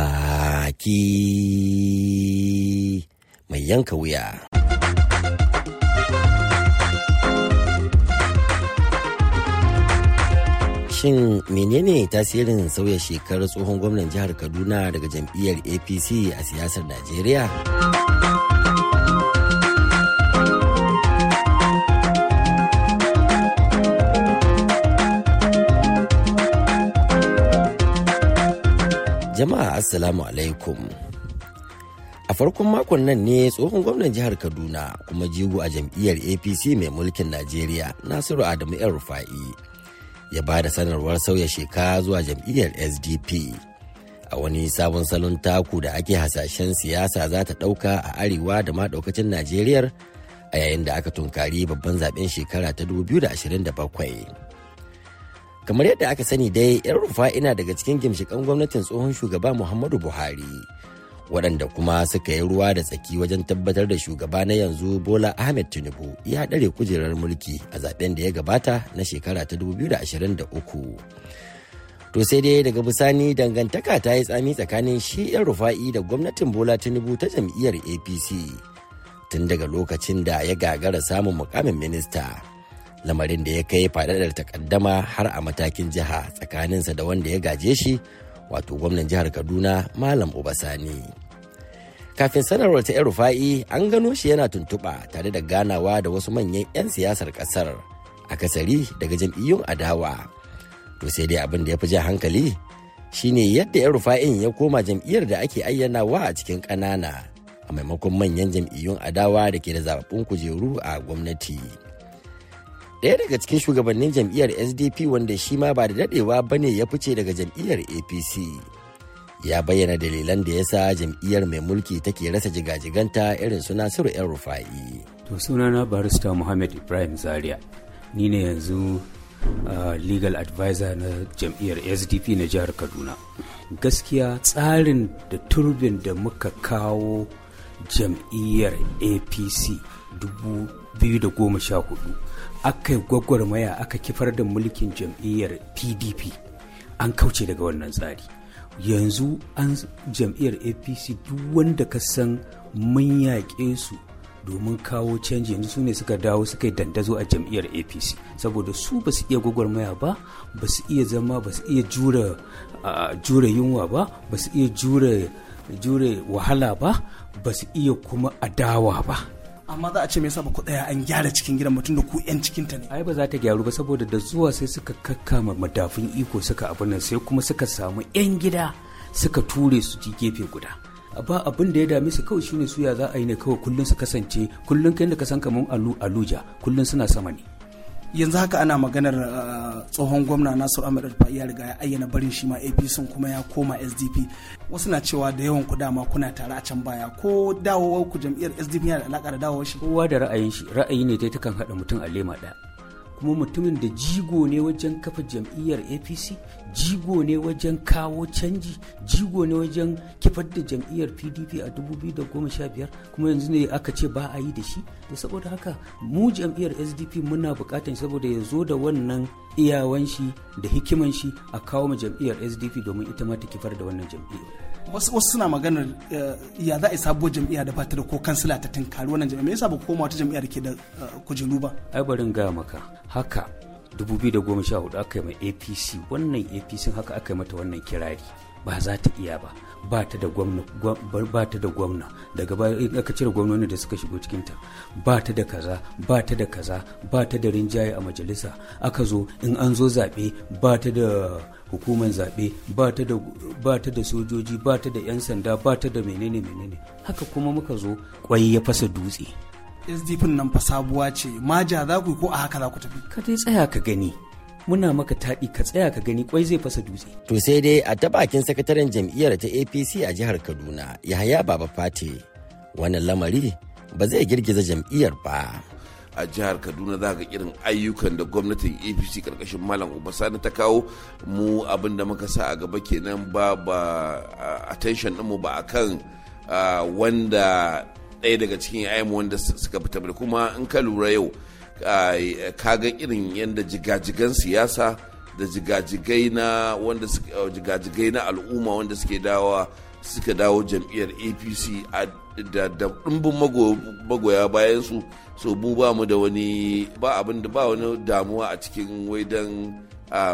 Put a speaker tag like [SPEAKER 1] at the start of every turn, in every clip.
[SPEAKER 1] baki mai yanka wuya. Shin menene tasirin sauya shekarar tsohon gwamnan jihar Kaduna daga jam'iyyar APC a siyasar Najeriya? Jama'a Assalamu alaikum. A farkon makon nan ne tsohon gwamnan jihar Kaduna kuma jigo a jam'iyyar APC mai mulkin Najeriya Nasiru Adamu ‘yan Rufa'i ya ba da sanarwar sauya sheka zuwa jam'iyyar SDP. A wani sabon salon taku da ake hasashen siyasa za ta ɗauka a arewa da ma daukacin Najeriyar a yayin da aka tunkari babban zaben shekara ta 2027. kamar yadda aka sani dai yan rufa ina daga cikin gimshikan gwamnatin tsohon shugaba muhammadu buhari waɗanda kuma suka yi ruwa da tsaki wajen tabbatar da shugaba na yanzu bola ahmed tinubu ya ɗare kujerar mulki a zaben da ya gabata na shekara ta 2023 to sai dai daga bisani dangantaka ta yi tsami tsakanin shi yan rufa'i da gwamnatin bola tinubu ta jam'iyyar apc tun daga lokacin da ya gagara samun mukamin minista lamarin da ya kai faɗaɗar takaddama har a matakin jiha tsakaninsa da wanda ya gaje shi wato gwamnan jihar kaduna malam obasani kafin sanarwar ta rufa'i an gano shi yana tuntuɓa tare da ganawa da wasu manyan 'yan siyasar ƙasar kasari daga jam'iyyun adawa to sai dai abin da ya fi jan hankali shine yadda rufa'in ya koma jam'iyyar da ake ayyanawa a cikin ƙanana a maimakon manyan jam'iyyun adawa da ke da zaɓaɓɓun kujeru a gwamnati. daya daga cikin shugabannin jam'iyyar sdp wanda shi ma ba da daɗewa ba ne ya fice daga jam'iyyar apc ya bayyana dalilan da ya sa jam'iyyar mai mulki take rasa jigajiganta irin su nasiru yan rufa'i
[SPEAKER 2] to sunana barista muhammad ibrahim zaria ni ne yanzu legal advisor na jam'iyyar sdp na jihar kaduna gaskiya tsarin da turbin da muka kawo jam'iyyar apc 2014 aka gwagwarmaya aka kifar da mulkin jam'iyyar pdp an kauce daga wannan tsari yanzu an jam'iyyar apc duk wanda ka san mun yaƙe su domin kawo canji yanzu su ne suka dawo suka yi dandazo a jam'iyyar apc saboda su ba su iya gwagwarmaya ba ba su iya zama ba su iya jure yunwa ba ba su iya jure wahala ba ba su iya kuma adawa ba amma za a ce me yasa ba an gyara cikin gidan mutum da ku yan cikin ta ne ai ba za ta gyaru ba saboda da zuwa sai suka kakkama madafun iko suka abin nan sai kuma suka samu yan gida suka ture su ji gefe guda ba abin da ya dame su kawai shine suya za a yi ne kawai kullun su kasance kullun kai da kasan san kamar alu aluja kullun suna sama ne yanzu haka ana maganar uh, tsohon gwamna nasiru ahmed alfa ya riga ya ayyana barin shi ma apc kuma ya koma sdp wasu na cewa da yawan ku dama kuna tare a can baya ko dawowar ku jam'iyyar sdp yana da alaka da dawowar shi kowa da ra'ayin shi ra'ayi ne dai takan haɗa mutum a lema ɗaya kuma mutumin da jigo ne wajen kafa jam'iyyar apc jigo ne wajen kawo canji jigo ne wajen kifar da jam'iyyar pdp a 2015 kuma yanzu ne aka ce ba a yi da shi da saboda haka mu jam'iyyar sdp muna bukatan saboda ya zo da wannan iyawan shi da hikiman shi a kawo ma jam'iyyar sdp domin ita ma ta kifar da wannan jam'iyyar wasu wasu suna maganar eh, ya za a yi sabuwar jam'iyya da ba ta da ko kansila ta tinkari wannan jam'iyya me yasa ba
[SPEAKER 3] koma wata jam'iyyar ke da
[SPEAKER 2] eh, kujeru ba ai barin ga maka haka 2014 aka yi ma apc wannan apc haka aka yi mata wannan kirari ba za ta iya ba ba ta da gwamna daga baya aka cire gwamnoni da suka shigo cikin ta ba ta da kaza ba ta da kaza ba ta da rinjaye a majalisa aka zo in an zo zaɓe ba ta da hukumar zaɓe ba ta da sojoji ba ta da 'yan sanda ba ta da menene menene haka kuma muka zo kwai ya fasa dutse
[SPEAKER 1] sdp nan fa sabuwa ce maja za ku yi ko a haka za ku tafi ka dai tsaya ka gani muna maka taɗi ka tsaya ka gani kwai zai fasa dutse. To sai dai a ta bakin sakataren jam'iyyar ta APC a jihar Kaduna Yahaya Baba fati wannan lamari ba zai girgiza
[SPEAKER 4] jam'iyyar ba. A jihar Kaduna za ga irin ayyukan da gwamnatin APC karkashin Malam Sani ta kawo mu abin da muka sa a gaba kenan ba ba attention ɗinmu ba akan wanda ɗaya daga cikin yayanmu wanda suka fita da kuma in ka lura yau ka ga irin yadda jigajigan siyasa da jigajigai na eh, al'umma wanda suke dawa suka dawo jam'iyyar apc da ɗumbin magoya bayan su so mu ba mu da wani ba abin da ba wani damuwa a cikin waidan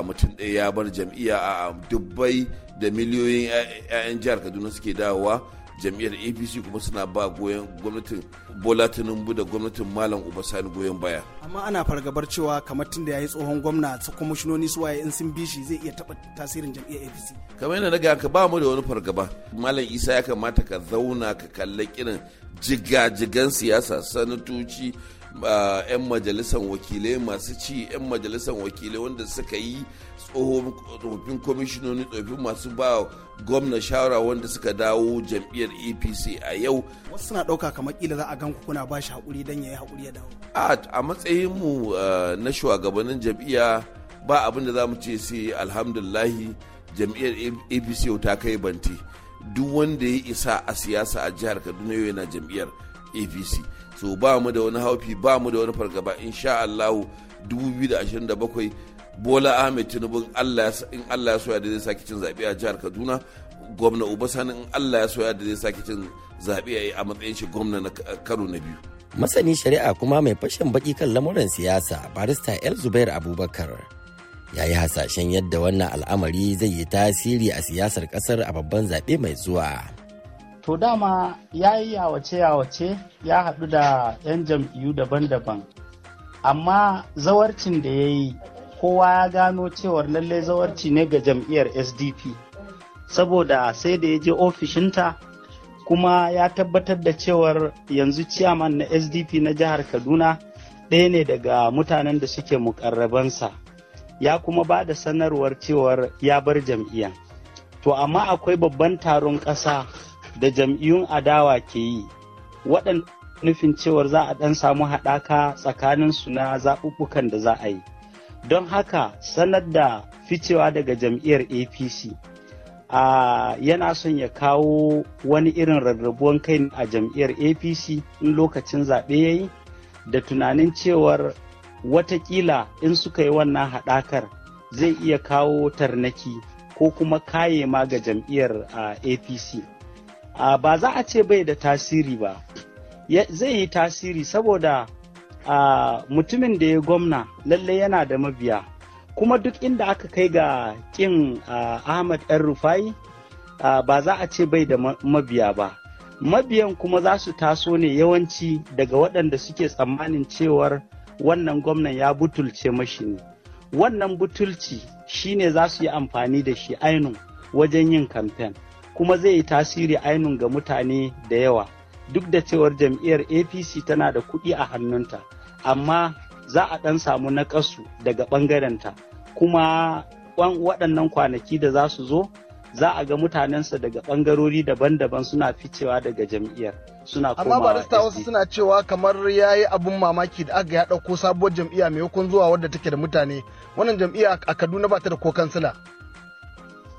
[SPEAKER 4] mutum ɗaya ya bar jam'iyya a dubbai da miliyoyin 'ya'yan jihar kaduna suke dawowa jam'iyyar apc kuma suna ba goyon gwamnatin bola tinubu da gwamnatin malam uba sani goyon baya
[SPEAKER 2] amma ana fargabar cewa kamar tun da ya yi tsohon gwamna su shinoni su waye in sun bi shi zai iya taba tasirin jam'iyyar apc
[SPEAKER 4] kamar yadda na ga ka ba mu da wani fargaba malam isa ya kamata ka zauna ka kalli kirin jiga-jigan siyasa sanatoci Uh, 'yan majalisar wakilai masu ci 'yan majalisar wakilai wanda suka yi tsohon kwamishinoni tsofin masu ba gwamna shawara wanda suka dawo jam'iyyar apc a yau
[SPEAKER 2] wasu suna ɗauka kamar kila za a gan ku kuna ba shi haƙuri don ya yi haƙuri ya dawo
[SPEAKER 4] a matsayinmu uh, na shugabannin jam'iyya ba abin da za mu ce sai alhamdulahi jam'iyyar apc ta kai banti duk wanda ya isa a siyasa a jihar kaduna yau yana jam'iyyar apc so ba mu da wani haufi ba mu da wani fargaba insha Allahu 2027 Bola Ahmed Tinubu in Allah ya soya da zai sake cin zaɓe a jihar Kaduna gwamna Uba Sani in Allah ya soya da zai sake cin zaɓe a matsayin shi gwamna na karo na biyu.
[SPEAKER 1] Masani shari'a kuma mai fashin baki kan lamuran siyasa barista El Zubair Abubakar ya yi hasashen yadda wannan al'amari zai yi tasiri a siyasar kasar a babban zaɓe mai zuwa.
[SPEAKER 3] to dama ya yi yawace-yawace ya haɗu da 'yan jam'iyyu daban-daban amma zawarcin da ya yi kowa ya gano cewar lallai zawarci ne ga jam'iyyar sdp saboda sai da ya je ofishinta kuma ya tabbatar da cewar yanzu ciyaman na sdp na jihar kaduna ɗaya ne daga mutanen da suke mukarrabansa ya kuma ba da sanarwar cewar ya bar jam'iyyar to amma akwai babban taron ƙasa da jam'iyyun adawa ke yi waɗan nufin cewar za a ɗan samu haɗaka tsakanin su na zaɓuɓɓukan da za a yi don haka sanar da ficewa daga jam'iyyar apc a yana son ya kawo wani irin rarrabuwan kai a jam'iyyar apc in lokacin zaɓe ya yi da tunanin cewar watakila in suka yi wannan haɗakar zai iya kawo tarnaki ko kuma kaye ma ga jam'iyyar apc a ah, ba za a ce bai da tasiri ba zai yi tasiri saboda a ah, mutumin da ya gwamna lalle yana da mabiya kuma duk inda aka kai ga kin ah, ahmad yan rufai ba za a ce bai da mabiya ba mabiyan kuma za su taso ne yawanci daga waɗanda suke tsammanin cewar wannan gwamnan ya butulce mashi ne wannan butulci shine za su yi amfani da shi ainu wajen yin kamfen kuma zai yi tasiri ainun ga mutane da yawa duk da cewar jam'iyyar apc tana da kuɗi a hannunta amma za a ɗan samu naƙasu daga ɓangarenta kuma waɗannan kwanaki da za su zo za a ga mutanensa daga ɓangarori daban-daban suna ficewa daga jam'iyyar suna komawa amma barista
[SPEAKER 4] wasu suna cewa kamar
[SPEAKER 3] ya yi abun mamaki da aka ya ɗauko sabuwar jam'iyya maimakon zuwa wadda take da mutane wannan jam'iyya a kaduna ba ta da ko kansila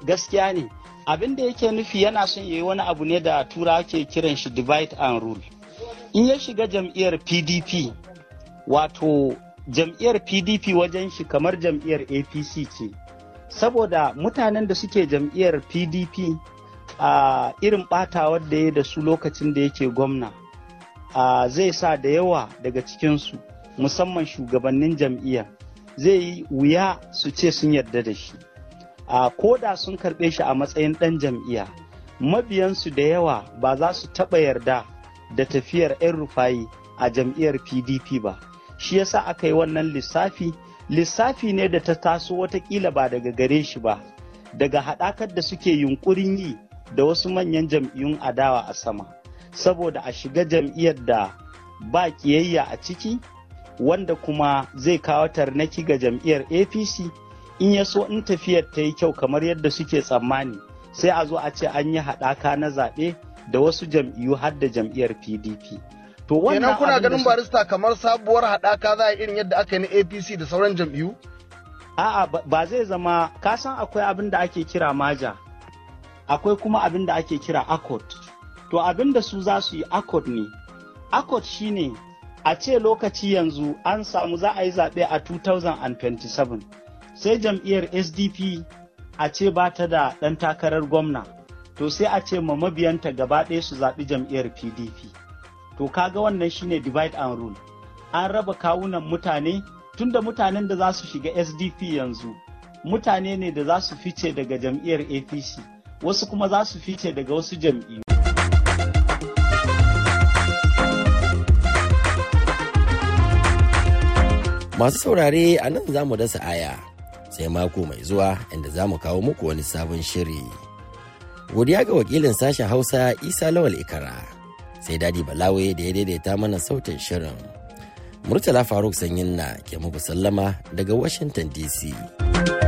[SPEAKER 3] gaskiya ne abin da yake nufi yana son yi wani abu ne da tura ke kiran shi divide and rule in ya shiga jam'iyyar pdp wato jam'iyyar pdp wajen shi kamar jam'iyyar apc ce saboda mutanen da suke jam'iyyar pdp a irin batawar da ya da su lokacin da yake gwamna zai sa da yawa daga cikinsu musamman shugabannin jam'iyyar zai yi wuya su ce sun yarda da shi a koda sun karɓe shi a matsayin ɗan jam'iyya mabiyansu da yawa ba za su taɓa yarda da tafiyar 'yan rufayi a jam'iyyar pdp ba shi yasa aka yi wannan lissafi lissafi ne da ta taso watakila ba daga gare shi ba daga haɗakar da suke yunkurin yi da wasu manyan jam'iyyun adawa a sama saboda a shiga jam'iyyar da ba kiyayya a ciki wanda kuma zai kawo tarnaki ga jam'iyyar apc in ya so in tafiyar ta yi kyau kamar yadda suke tsammani sai a zo a ce an yi haɗaka na zaɓe da wasu jam'iyyu har da jam'iyyar pdp to wannan kuna ganin barista kamar sabuwar haɗaka za a irin yadda aka yi na apc da sauran jam'iyyu a'a ba zai zama Ka san akwai abin da ake kira maja akwai kuma abin da ake kira accord to abin da su za su yi accord ne accord shine a ce lokaci yanzu an samu za a yi zaɓe a 2027 sai jam'iyyar sdp a ce ba ta da ɗan takarar gwamna to sai a ce ma mabiyanta gaba ɗaya su zaɓi jam'iyyar pdp to kaga wannan shine divide and rule an raba kawunan mutane tunda mutanen da za su shiga sdp yanzu mutane ne da za su fice daga jam'iyyar apc wasu kuma za su fice daga
[SPEAKER 1] wasu jam'iyyu masu saurare a nan za mu dasa aya sai mako mai zuwa inda za mu kawo muku wani sabon shiri. Godiya ga wakilin sashen Hausa Isa Lawal Ikara, sai Dadi Balawe da ya daidaita mana sautin shirin. Murtala Faruk Sanyin na ke muku sallama daga Washington DC.